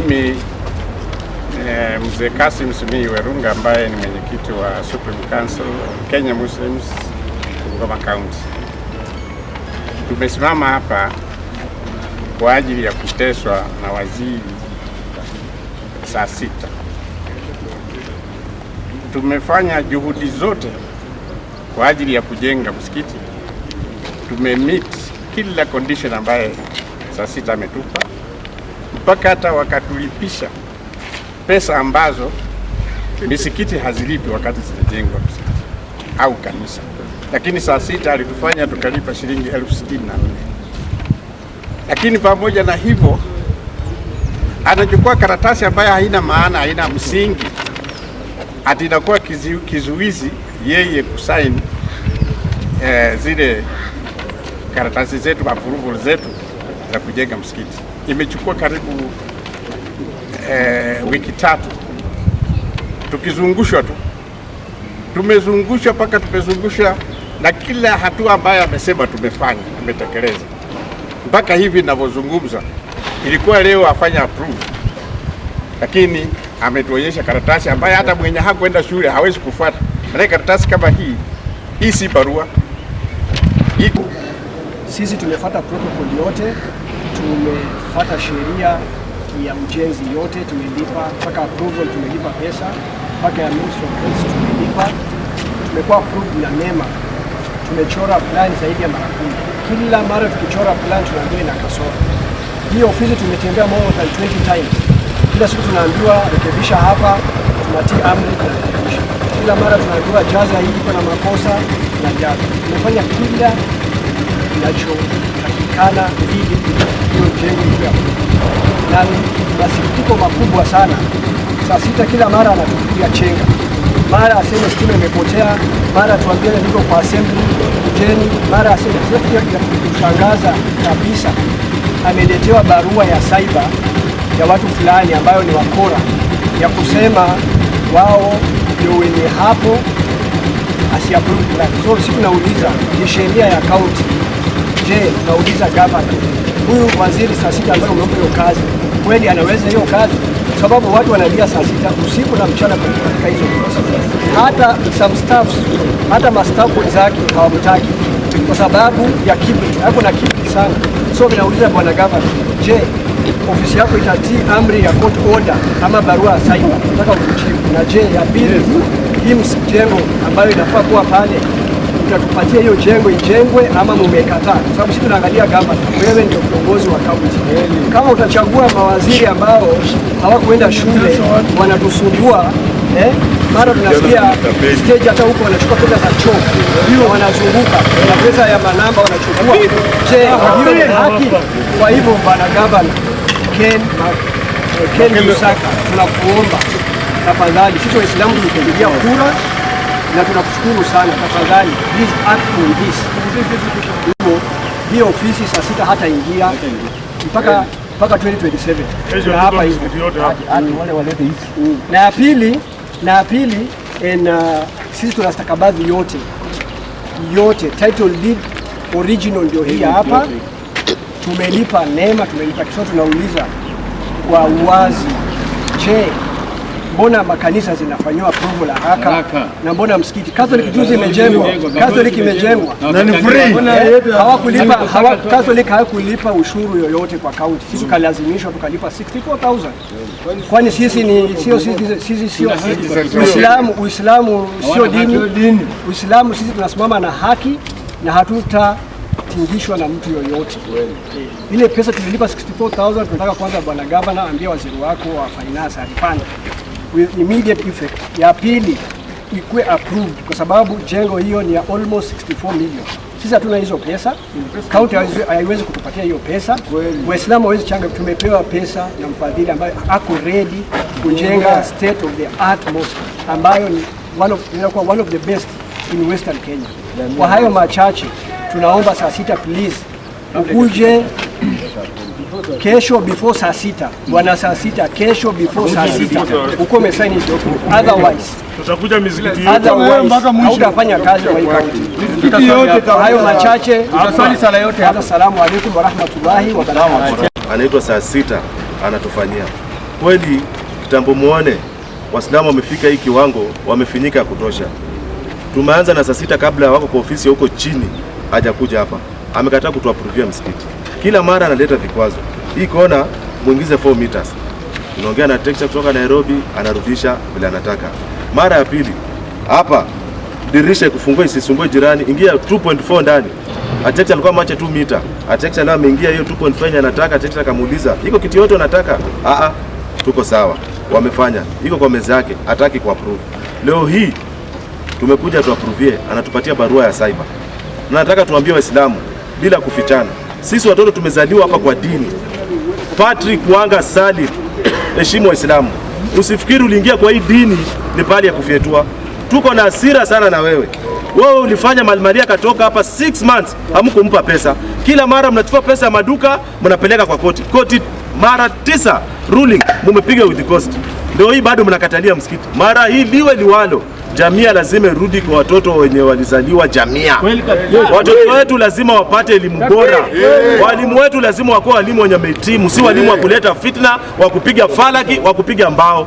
Mimi eh, Mzee Kasim Simiyu Werunga ambaye ni mwenyekiti wa Supreme Council of Kenya Muslims Bungoma County. Tumesimama hapa kwa ajili ya kuteswa na waziri saa sita. Tumefanya juhudi zote kwa ajili ya kujenga msikiti, tumemeet kila condition ambaye saa sita ametupa mpaka hata wakatulipisha pesa ambazo misikiti hazilipi wakati zinajengwa msikiti au kanisa, lakini saa sita alitufanya tukalipa shilingi elfu sitini na nne. Lakini pamoja na hivyo anachukua karatasi ambayo haina maana, haina msingi, ati inakuwa kizu, kizuizi yeye kusaini eh, zile karatasi zetu, approval zetu za kujenga msikiti imechukua karibu eh, wiki tatu tukizungushwa tu, tumezungushwa mpaka tumezungushwa, na kila hatua ambayo amesema tumefanya, tumetekeleza mpaka hivi ninavyozungumza. Ilikuwa leo afanya approve, lakini ametuonyesha karatasi ambayo hata mwenye hakwenda shule hawezi kufuata, maana karatasi kama hii hii si barua iko. Sisi tumefuata protokoli yote tumefuata sheria ya mjenzi yote, tumelipa mpaka approval, tumelipa pesa mpaka ya Ministry of Health tumelipa, tumekuwa approved na NEMA. Tumechora plan zaidi ya mara kumi. Kila mara tukichora plan tunaambiwa ina kasoro. Hii ofisi tumetembea more than 20 times, kila siku tunaambiwa rekebisha hapa, tunatii amri, tunarekebisha. Kila mara tunaambiwa jaza hii, kuna makosa na jaza. Tumefanya kila nacho kala mbili iliyojengwa na masikitiko makubwa sana. Saa sita kila mara anatupigia chenga, mara aseme stima imepotea, mara tuambie niko kwa assembly jeni, mara aseme kushangaza kabisa, ameletewa barua ya saiba ya watu fulani ambayo ni wakora ya kusema wao ndio wenye hapo asiapuru. So siku nauliza ni sheria ya kaunti Je, unauliza gavana huyu waziri saa sita ambaye umeomba hiyo kazi kweli anaweza hiyo kazi? Sababu watu wanalia saa sita usiku na mchana katika hizo ofisi. Hata some staffs, hata mastafu wenzake hawamtaki kwa sababu ya kiburi, ako na kiburi sana. So ninauliza bwana gavana, je, ofisi yako itatii amri ya court order ama barua saiba nataka kujibu? Na je, ya pili hii mjengo ambayo inafaa kuwa pale mtatupatia hiyo jengo ijengwe ama mumekataa? Kwa sababu sisi tunaangalia gamba wewe ndio kiongozi wa kaunti. Kama utachagua mawaziri ambao hawakuenda shule wanatusumbua eh, mara tunasikia stage hata huko wanachukua pesa za choo hiyo, wanazunguka na pesa ya manamba wanachukua. Je, hiyo ni haki? Kwa hivyo bwana gavana Ken Ken Lusaka, tunakuomba tafadhali, sisi Waislamu tulipigia kura na tunakushukuru sana. Tafadhali please act on this. Hiyo hiyo ofisi saa sita hata ingia mpaka mpaka 2027 na hapa hivi hadi wale walete hizi. Mm. Na ya pili, na ya pili na uh, sisi tuna stakabadhi yote yote, title deed original ndio hii hapa. Tumelipa NEMA, tumelipa kisoto. Tunauliza kwa uwazi, je, mbona makanisa zinafanyiwa approval la haraka na mbona msikiti Catholic juzi imejengwa, Catholic imejengwa na ni free, eh, hawakulipa yaani Catholic hawakulipa ushuru yoyote kwa kaunti. Sisi tukalazimishwa tukalipa 64000 kwani sisi ni sio sisi sio Uislamu. Uislamu sio dini. Uislamu sisi tunasimama na haki na hatuta tingishwa na mtu yoyote. Ile pesa tulilipa 64000 tunataka kwanza bwana gavana ambia waziri wako wa finance alipanda with immediate effect. Ya pili ikuwe approved kwa sababu jengo hiyo ni ya almost 64 million. Sisi hatuna hizo pesa, kaunti haiwezi kutupatia hiyo pesa, Waislamu hawezi changa. Tumepewa pesa na mfadhili ambayo ako ready kujenga state of the art mosque ambayo ni one of, one of the best in western Kenya. Kwa hayo machache tunaomba saa sita please ukuje kesho before saa sita bwana, saa sita kesho before saa sita uko umesaini document, otherwise tutakuja misikiti yote mpaka mwisho, hautafanya kazi kwa kaunti. Mizikiti yote hayo machache, utasali sala yote hapa. Salamu alaykum wa rahmatullahi wa barakatuh. Anaitwa saa sita, anatufanyia kweli kitambo. Muone Waislamu wamefika hii kiwango, wamefinyika ya kutosha. Tumeanza na saa sita, kabla wako kwa ofisi huko chini hajakuja hapa amekataa kutuapruvia msikiti. Kila mara analeta vikwazo. Hii kona muingize 4 meters. Unaongea na texture kutoka Nairobi, anarudisha bila anataka. Mara ya pili hapa dirisha ikufungua isisumbue jirani, ingia 2.4 ndani. Atexa alikuwa mwache 2 meter. Atexa leo ameingia hiyo 2.5 anataka, Atexa akamuuliza, "Iko kitu yote unataka?" Ah ah, tuko sawa. Wamefanya. Iko kwa meza yake, hataki ku approve. Leo hii tumekuja tu approve, anatupatia barua ya cyber. Na nataka tuambie Waislamu bila kufichana. Sisi watoto tumezaliwa hapa kwa dini. Patrick Wanga Salim, heshima Waislamu, usifikiri uliingia kwa hii dini ni pahali ya kufyetua. Tuko na hasira sana na wewe. Wewe ulifanya Malmaria katoka hapa 6 months, hamkumpa pesa. Kila mara mnachukua pesa ya maduka mnapeleka kwa koti, koti mara tisa ruling mumepiga with cost. Ndio hii bado mnakatalia msikiti, mara hii liwe liwalo, jamia lazima irudi kwa watoto wenye walizaliwa jamia Watoto wetu lazima wapate elimu bora, walimu wetu lazima wakuwa walimu wenye metimu, si walimu wa kuleta fitna, wa kupiga falaki, wa kupiga mbao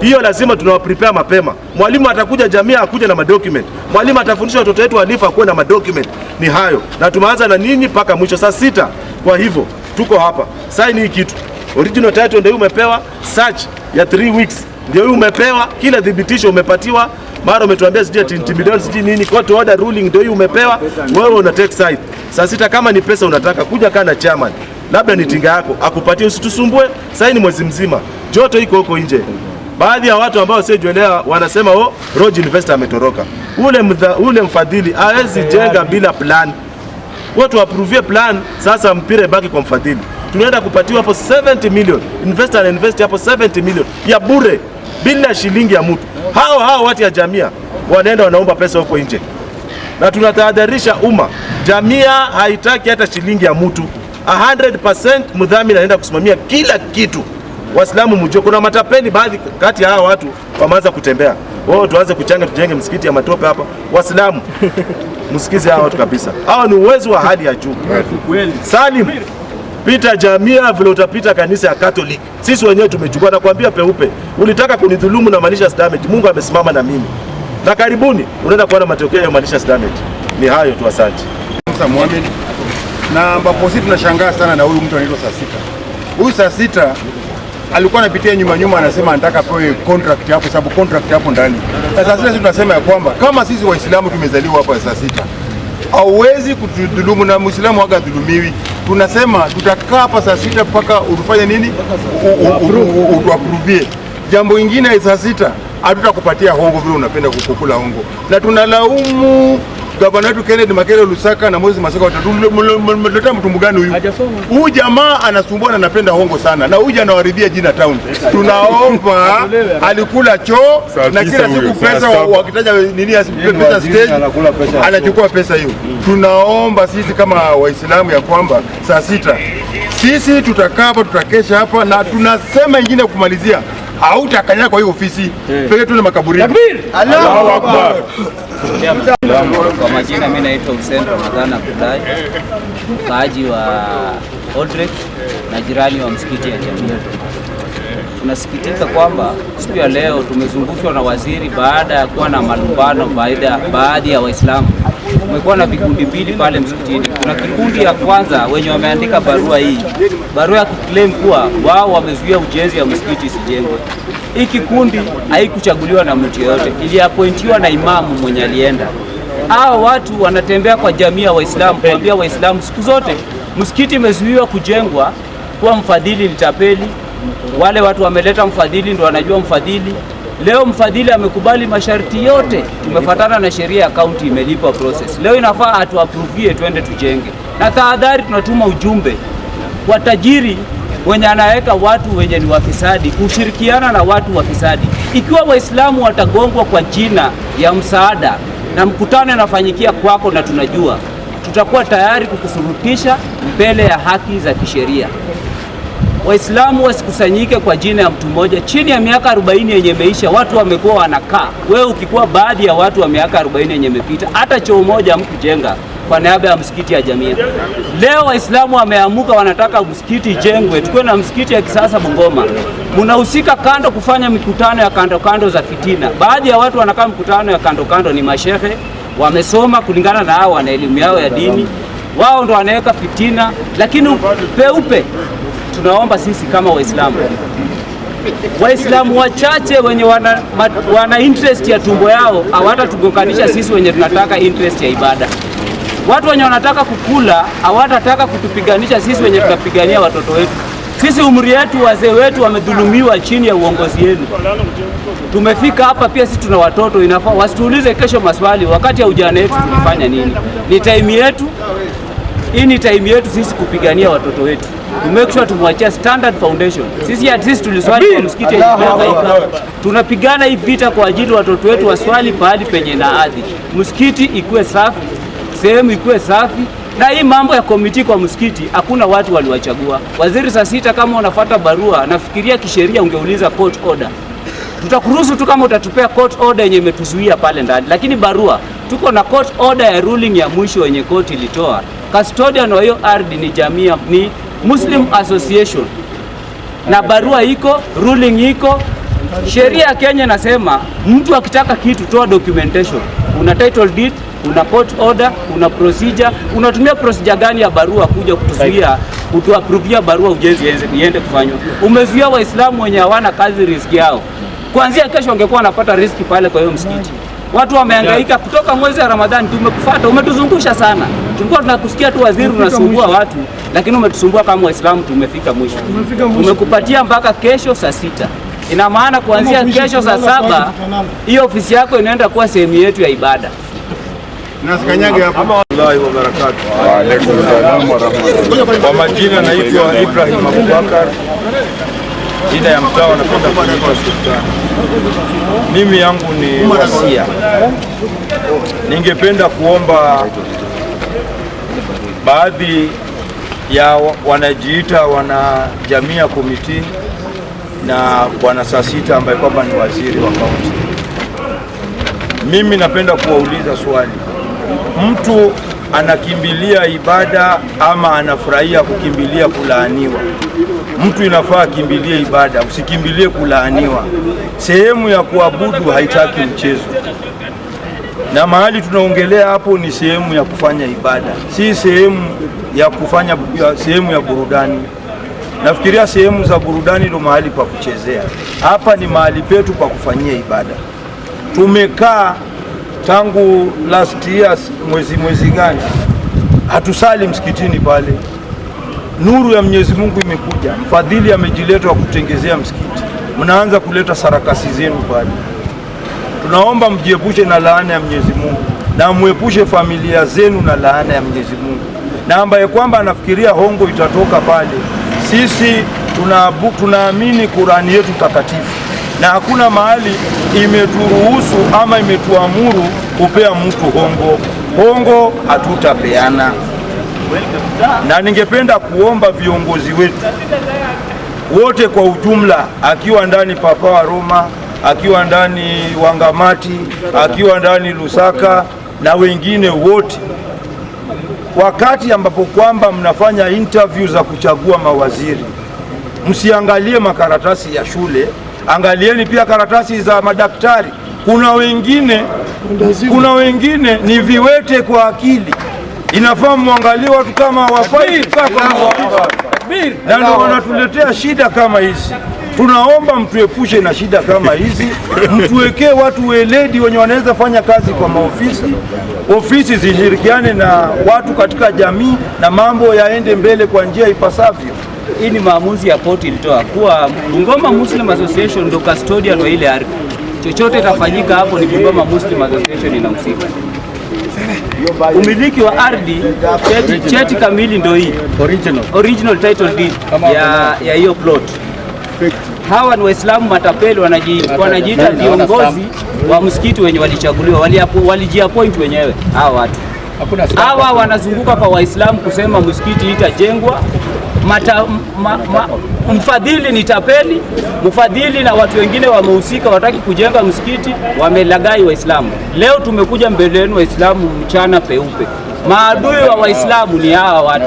hiyo lazima prepare mapema. Mwalimu atakuja jamia akuja na madocument, mwalimu atafundisha watoto wetu alifa akuwe na madocument. Ni hayo na tumeanza na ninyi mpaka mwisho saa sita. Kwa hivyo tuko hapa saini hii kitu original title ndio umepewa, search ya 3 weeks ndio umepewa, kila dhibitisho umepatiwa. Mara umetuambia sijui ati intimidation sijui nini, court order ruling ndio hii umepewa, wewe una take side. Saa sita kama ni pesa unataka kuja kana chairman, labda ni tinga yako akupatie, usitusumbue saini mwezi mzima, joto iko huko nje. Baadhi ya watu ambao sijuelewa wanasema oh, Roge Investor ametoroka. Ule, mtha, ule mfadhili hawezi jenga bila plan, watu apruvie plan, sasa mpire baki kwa mfadhili tunaenda kupatiwa hapo 70 million, investor na invest hapo 70 million ya bure bila shilingi ya mtu. Hao hao watu ya jamia wanaenda wanaomba pesa huko nje, na tunatahadharisha umma, jamia haitaki hata shilingi ya mtu. 100% mdhamini anaenda kusimamia kila kitu. Waislamu mjue, kuna matapeli baadhi kati ya hao watu wameanza kutembea wao, tuanze kuchanga tujenge msikiti ya matope hapa. Waislamu msikize hao watu kabisa, hawa ni uwezo wa hali ya juu. Salim utapita jamia vile utapita kanisa ya Katoliki. Sisi wenyewe tumechukua, kuambia peupe, ulitaka kunidhulumu na malicious damage. Mungu amesimama na mimi, na karibuni unaenda kuona matokeo ya malicious damage. Ni hayo tu, asante. na ambapo sisi tunashangaa sana na huyu mtu anaitwa Sasita. Huyu Sasita alikuwa anapitia nyuma nyuma, anasema anataka pewe contract hapo, sababu contract hapo ndani. Sasa sisi tunasema ya kwamba kama sisi Waislamu tumezaliwa hapa Sasita, hauwezi kutudhulumu na Muislamu waga dhulumiwi. Tunasema tutakaa hapa saa sita mpaka utufanye nini, utuapruvie. Jambo ingine saa sita hatutakupatia hongo vile unapenda kukula hongo, na tunalaumu gavana wetu Kennedy Makere Lusaka na Moses Masaka watatuleta mtumbu gani huyu? Huyu jamaa anasumbua na anapenda hongo sana, na huyu anawaridhia jina town. Tunaomba alikula choo na kila siku pesa, wakitaja nini pesa stage anachukua pesa hiyo. Tunaomba sisi kama Waislamu ya kwamba saa sita sisi tutakaa hapa, tutakesha hapa, na tunasema ingine ya kumalizia hautakanyaga kwa hiyo ofisi eh. peke tu na makaburi. Allahu Akbar wangu. Kwa majina, mimi naitwa Hussein ramadhan Abdullahi, mkaaji wa Oldrich na jirani wa msikiti ya Jamia. Tunasikitika kwamba siku ya leo tumezungushwa na waziri baada ya kuwa na malumbano baadhi ya Waislamu. Kumekuwa na vikundi mbili pale msikitini. Kuna kikundi ya kwanza wenye wameandika barua hii, barua ya kuclaim kuwa wao wamezuia ujenzi wa msikiti isijengwe. Hii kikundi haikuchaguliwa na mtu yoyote, iliapointiwa na imamu mwenye alienda hawa watu wanatembea kwa jamii ya Waislamu kuambia Waislamu siku zote msikiti imezuiwa kujengwa kuwa mfadhili litapeli. Wale watu wameleta mfadhili, ndio wanajua mfadhili. Leo mfadhili amekubali masharti yote, tumefuatana na sheria ya kaunti, imelipa process. Leo inafaa atuapruvie twende tujenge. Na tahadhari, tunatuma ujumbe kwa tajiri wenye anaweka watu wenye ni wafisadi kushirikiana na watu wafisadi. Ikiwa Waislamu watagongwa kwa jina ya msaada na mkutano unafanyikia kwako, na tunajua tutakuwa tayari kukusurutisha mbele ya haki za kisheria. Waislamu wasikusanyike kwa jina ya mtu mmoja. Chini ya miaka 40 yenye imeisha, watu wamekuwa wanakaa. Wewe ukikuwa baadhi ya watu wa miaka 40 yenye imepita, hata choo moja mkujenga kwa niaba ya msikiti ya Jamia. Leo Waislamu wameamuka, wanataka msikiti ijengwe, tukiwe na msikiti ya kisasa Bungoma. Mnahusika kando kufanya mikutano ya kando kando za fitina. Baadhi ya watu wanakaa mikutano ya kando kando, ni mashehe wamesoma, kulingana na hao wana elimu yao ya dini, wao ndo wanaweka fitina, lakini peupe tunaomba sisi kama Waislamu Waislamu wachache wenye wana, mat, wana interest ya tumbo yao hawatatugonganisha sisi wenye tunataka interest ya ibada. Watu wenye wanataka kukula hawatataka kutupiganisha sisi wenye tunapigania watoto wetu. Sisi umri yetu, wazee wetu wamedhulumiwa chini ya uongozi wenu Tumefika hapa pia sisi tuna watoto, inafaa wasituulize kesho maswali wakati ya ujana wetu tulifanya nini. Ni time yetu hii, ni time yetu sisi kupigania watoto wetu to make sure tumwachia standard foundation. Sisi at least tuliswali kwa msikiti ikaika, tunapigana hii vita kwa ajili watoto wetu waswali pahali penye na adhi, msikiti ikuwe safi sehemu ikuwe safi. Na hii mambo ya komiti kwa msikiti hakuna watu waliwachagua. Waziri saa sita, kama unafuata barua, nafikiria kisheria ungeuliza court order. Tutakuruhusu tu kama utatupea court order yenye imetuzuia pale ndani, lakini barua, tuko na court order ya ruling ya mwisho yenye court ilitoa. Custodian wa hiyo ardhi ni jamii, ni Muslim Association, na barua iko, ruling iko. Sheria ya Kenya nasema mtu akitaka kitu, toa documentation, una title deed una court order, una procedure, unatumia procedure gani ya barua kuja kutuzuia kutuapruvia barua ujenzi iende kufanywa? Umezuia Waislamu wenye hawana kazi riski yao, kuanzia kesho wangekuwa wanapata riski pale kwa hiyo msikiti. Watu wamehangaika kutoka mwezi wa Ramadhani, tumekufuata, umetuzungusha sana. Tulikuwa tunakusikia tu waziri, unasumbua watu, lakini umetusumbua kama Waislamu. Tumefika mwisho, tumekupatia mpaka kesho saa sita. Ina maana kuanzia kesho saa saba hiyo ofisi yako inaenda kuwa sehemu yetu ya ibada. Nasikanyage hapo. Wa alaykum salaam wa rahmatullah. Kwa majina naitwa Ibrahim Abubakar, jina ya mtaa wanapenda kuita Sultani. Mimi yangu ni wasia, ningependa kuomba baadhi ya wanajiita wana jamii ya komiti na bwana Sasita ambaye kwamba ni waziri wa kaunti. Mimi napenda kuwauliza swali mtu anakimbilia ibada ama anafurahia kukimbilia kulaaniwa. Mtu inafaa akimbilie ibada, usikimbilie kulaaniwa. Sehemu ya kuabudu haitaki mchezo, na mahali tunaongelea hapo ni sehemu ya kufanya ibada, si sehemu ya kufanya sehemu ya burudani. Nafikiria sehemu za burudani ndo mahali pa kuchezea. Hapa ni mahali petu pa kufanyia ibada. Tumekaa tangu last year mwezi mwezi gani hatusali msikitini pale. Nuru ya Mwenyezi Mungu imekuja, mfadhili amejiletwa kutengezea msikiti, mnaanza kuleta sarakasi zenu pale. Tunaomba mjiepushe na laana ya Mwenyezi Mungu na mwepushe familia zenu na laana ya Mwenyezi Mungu, na ambaye kwamba anafikiria hongo itatoka pale, sisi tunaamini Qurani yetu takatifu na hakuna mahali imeturuhusu ama imetuamuru kupea mtu hongo. Hongo hatutapeana, na ningependa kuomba viongozi wetu wote kwa ujumla, akiwa ndani Papa wa Roma, akiwa ndani Wangamati, akiwa ndani Lusaka na wengine wote, wakati ambapo kwamba mnafanya interview za kuchagua mawaziri, msiangalie makaratasi ya shule. Angalieni pia karatasi za madaktari, kuna wengine kuna wengine ni viwete kwa akili, inafaa mwangalie watu kama wafai kukaa na ndio wanatuletea shida kama hizi. Tunaomba mtuepushe na shida kama hizi, mtuwekee watu weledi wenye wanaweza fanya kazi kwa maofisi. Ofisi zishirikiane na watu katika jamii na mambo yaende mbele kwa njia ipasavyo hii ni maamuzi ya koti ilitoa kuwa Bungoma Muslim Association ndo custodian wa ile ardhi. Chochote itafanyika hapo ni Bungoma Muslim Association inahusika. Umiliki wa ardhi, cheti, cheti kamili ndo hii original, original title deed ya hiyo plot. Hawa ni Waislamu matapeli wanajiita viongozi wa msikiti wenye walichaguliwa, walijiapoint wenyewe hawa watu hawa wanazunguka kwa Waislamu kusema msikiti itajengwa mata, ma, ma, mfadhili ni tapeli, mfadhili na watu wengine wamehusika, wataki kujenga msikiti, wamelagai Waislamu. Leo tumekuja mbele yenu Waislamu mchana peupe. Maadui wa Waislamu ni hawa watu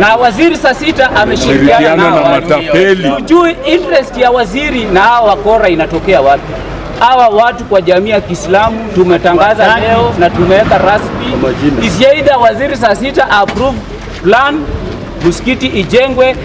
na waziri saa sita ameshirikiana na matapeli. Hujui interest ya waziri na hawa wakora inatokea wapi? hawa watu kwa jamii ya Kiislamu tumetangaza leo na tumeweka rasmi isiaida waziri saa sita approve plan msikiti ijengwe.